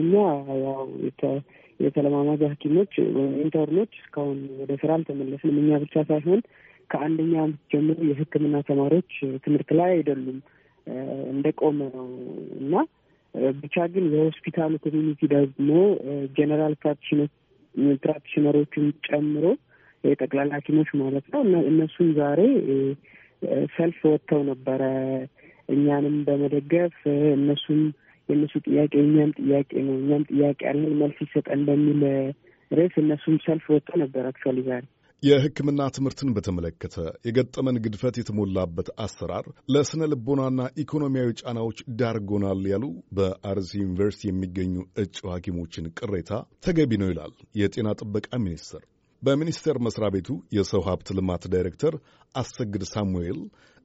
እኛ ያው የተለማማጅ ሐኪሞች ኢንተርኖች እስካሁን ወደ ስራ አልተመለስንም። እኛ ብቻ ሳይሆን ከአንደኛ ዓመት ጀምሮ የሕክምና ተማሪዎች ትምህርት ላይ አይደሉም እንደቆመ ነው እና ብቻ ግን የሆስፒታሉ ኮሚኒቲ ደግሞ ጀነራል ፕራክቲሽነሮችን ጨምሮ የጠቅላላ ሐኪሞች ማለት ነው እነሱም ዛሬ ሰልፍ ወጥተው ነበረ እኛንም በመደገፍ እነሱም የእነሱ ጥያቄ እኛም ጥያቄ ነው፣ እኛም ጥያቄ አለን መልስ ይሰጠን በሚል ርዕስ እነሱም ሰልፍ ወጥቶ ነበር። አክቹዋሊ ዛሬ የሕክምና ትምህርትን በተመለከተ የገጠመን ግድፈት የተሞላበት አሰራር ለስነ ልቦናና ኢኮኖሚያዊ ጫናዎች ዳርጎናል ያሉ በአርሲ ዩኒቨርሲቲ የሚገኙ እጩ ሐኪሞችን ቅሬታ ተገቢ ነው ይላል የጤና ጥበቃ ሚኒስቴር። በሚኒስቴር መስሪያ ቤቱ የሰው ሀብት ልማት ዳይሬክተር አሰግድ ሳሙኤል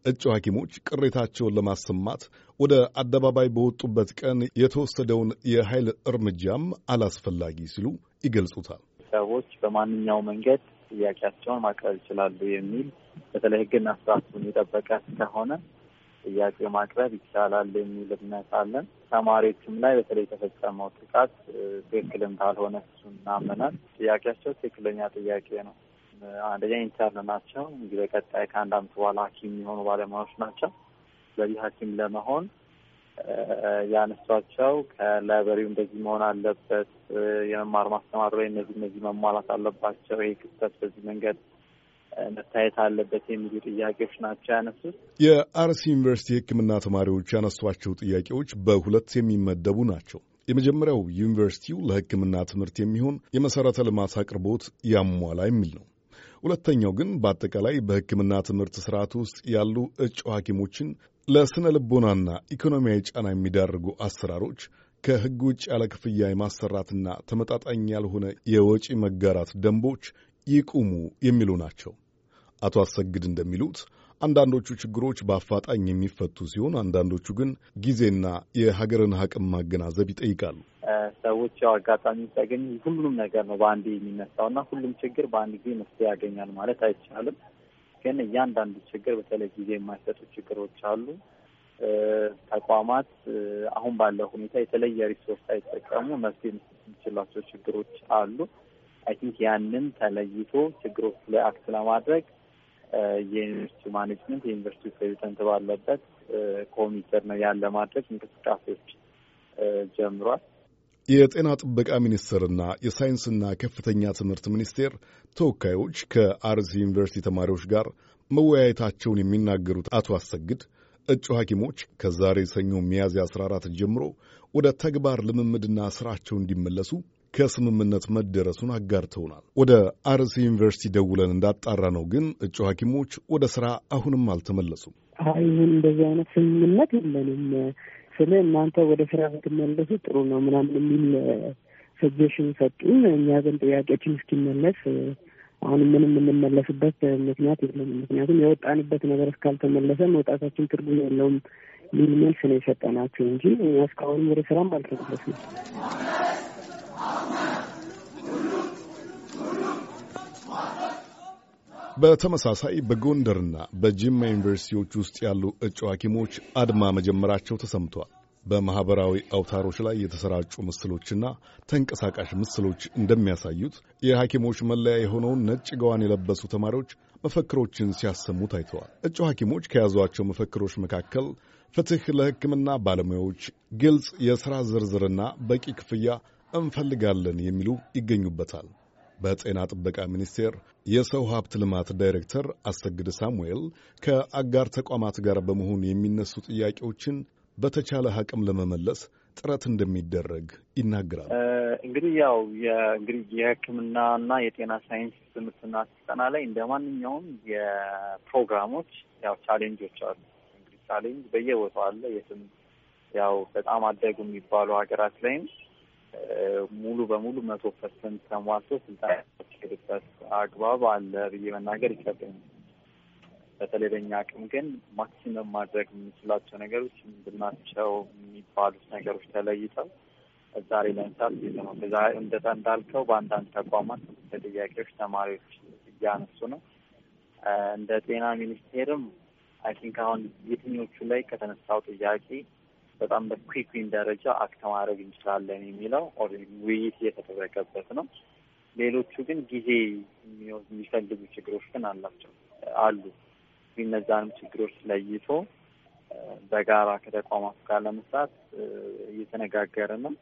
እጩ ሐኪሞች ቅሬታቸውን ለማሰማት ወደ አደባባይ በወጡበት ቀን የተወሰደውን የኃይል እርምጃም አላስፈላጊ ሲሉ ይገልጹታል። ሰዎች በማንኛው መንገድ ጥያቄያቸውን ማቅረብ ይችላሉ የሚል በተለይ ሕግና ስርዓቱን የጠበቀ ከሆነ ጥያቄ ማቅረብ ይቻላል የሚል እምነት አለን። ተማሪዎችም ላይ በተለይ የተፈጸመው ጥቃት ትክክል እንዳልሆነ እሱ እናምናል። ጥያቄያቸው ትክክለኛ ጥያቄ ነው። አንደኛ ኢንተርን ናቸው። እንግዲህ በቀጣይ ከአንድ አመት በኋላ ሐኪም የሚሆኑ ባለሙያዎች ናቸው። ስለዚህ ሐኪም ለመሆን ያነሷቸው ከላይበሪው እንደዚህ መሆን አለበት፣ የመማር ማስተማር ላይ እነዚህ እነዚህ መሟላት አለባቸው፣ ይህ ክስተት በዚህ መንገድ መታየት አለበት የሚሉ ጥያቄዎች ናቸው ያነሱት። የአርሲ ዩኒቨርሲቲ የሕክምና ተማሪዎች ያነሷቸው ጥያቄዎች በሁለት የሚመደቡ ናቸው። የመጀመሪያው ዩኒቨርሲቲው ለሕክምና ትምህርት የሚሆን የመሠረተ ልማት አቅርቦት ያሟላ የሚል ነው። ሁለተኛው ግን በአጠቃላይ በሕክምና ትምህርት ስርዓት ውስጥ ያሉ እጩ ሐኪሞችን ለስነ ልቦናና ኢኮኖሚያዊ ጫና የሚዳርጉ አሰራሮች ከሕግ ውጭ ያለ ክፍያ የማሰራትና ተመጣጣኝ ያልሆነ የወጪ መጋራት ደንቦች ይቁሙ የሚሉ ናቸው። አቶ አሰግድ እንደሚሉት አንዳንዶቹ ችግሮች በአፋጣኝ የሚፈቱ ሲሆን አንዳንዶቹ ግን ጊዜና የሀገርን አቅም ማገናዘብ ይጠይቃሉ። ሰዎች ያው አጋጣሚ ሲያገኙ ሁሉንም ነገር ነው በአንድ የሚነሳውና ሁሉም ችግር በአንድ ጊዜ መፍትሄ ያገኛል ማለት አይቻልም። ግን እያንዳንዱ ችግር በተለይ ጊዜ የማይሰጡ ችግሮች አሉ። ተቋማት አሁን ባለው ሁኔታ የተለየ ሪሶርስ አይጠቀሙ መፍትሄ መስጠት የሚችሏቸው ችግሮች አሉ። አይ ቲንክ ያንን ተለይቶ ችግሮች ላይ አክት ለማድረግ የዩኒቨርሲቲ ማኔጅመንት የዩኒቨርሲቲ ፕሬዚደንት ባለበት ኮሚቴ ነው ያለ ማድረግ እንቅስቃሴዎች ጀምሯል። የጤና ጥበቃ ሚኒስቴርና የሳይንስና ከፍተኛ ትምህርት ሚኒስቴር ተወካዮች ከአርሲ ዩኒቨርሲቲ ተማሪዎች ጋር መወያየታቸውን የሚናገሩት አቶ አሰግድ እጩ ሐኪሞች ከዛሬ ሰኞ ሚያዝያ 14 ጀምሮ ወደ ተግባር ልምምድና ስራቸው እንዲመለሱ ከስምምነት መደረሱን አጋርተውናል። ወደ አርሲ ዩኒቨርሲቲ ደውለን እንዳጣራ ነው ግን እጩ ሐኪሞች ወደ ስራ አሁንም አልተመለሱም። አይሁን እንደዚህ አይነት ስምምነት የለንም ስለ እናንተ ወደ ስራ ብትመለሱ ጥሩ ነው ምናምን የሚል ሰጀሽን ሰጡን። እኛ ግን ጥያቄያችን እስኪመለስ አሁን ምንም የምንመለስበት ምክንያት የለም። ምክንያቱም የወጣንበት ነገር እስካልተመለሰ መውጣታችን ትርጉም የለውም የሚል መልስ ነው የሰጠናቸው እንጂ እስካሁንም ወደ ስራም አልተመለስንም። በተመሳሳይ በጎንደርና በጅማ ዩኒቨርሲቲዎች ውስጥ ያሉ እጩ ሐኪሞች አድማ መጀመራቸው ተሰምቷል። በማኅበራዊ አውታሮች ላይ የተሰራጩ ምስሎችና ተንቀሳቃሽ ምስሎች እንደሚያሳዩት የሐኪሞች መለያ የሆነውን ነጭ ገዋን የለበሱ ተማሪዎች መፈክሮችን ሲያሰሙ ታይተዋል። እጩ ሐኪሞች ከያዟቸው መፈክሮች መካከል ፍትሕ ለሕክምና ባለሙያዎች፣ ግልጽ የሥራ ዝርዝርና በቂ ክፍያ እንፈልጋለን የሚሉ ይገኙበታል። በጤና ጥበቃ ሚኒስቴር የሰው ሀብት ልማት ዳይሬክተር አሰግድ ሳሙኤል ከአጋር ተቋማት ጋር በመሆን የሚነሱ ጥያቄዎችን በተቻለ አቅም ለመመለስ ጥረት እንደሚደረግ ይናገራል። እንግዲህ ያው እንግዲህ እና የጤና ሳይንስ ትምህርትና ስልጠና ላይ እንደ ማንኛውም የፕሮግራሞች ያው ቻሌንጆች አሉ። እንግዲህ ቻሌንጅ በየቦታው አለ። የትም ያው በጣም አደጉ የሚባሉ ሀገራት ላይም ሙሉ በሙሉ መቶ ፐርሰንት ተሟልቶ ስልጣን ሄድበት አግባብ አለ ብዬ መናገር ይከብደኛል። በተለይ በኛ አቅም ግን ማክሲመም ማድረግ የምንችላቸው ነገሮች ምንድናቸው የሚባሉት ነገሮች ተለይተው ዛሬ ለምሳሌ ነው እንደዛ እንዳልከው በአንዳንድ ተቋማት ጥያቄዎች ተማሪዎች እያነሱ ነው። እንደ ጤና ሚኒስቴርም አይ ቲንክ አሁን የትኞቹ ላይ ከተነሳው ጥያቄ በጣም በኩክዊን ደረጃ አክት ማድረግ እንችላለን የሚለው ውይይት እየተደረገበት ነው። ሌሎቹ ግን ጊዜ የሚፈልጉ ችግሮች ግን አላቸው አሉ። እነዛንም ችግሮች ለይቶ በጋራ ከተቋማት ጋር ለመስራት እየተነጋገረ ነው።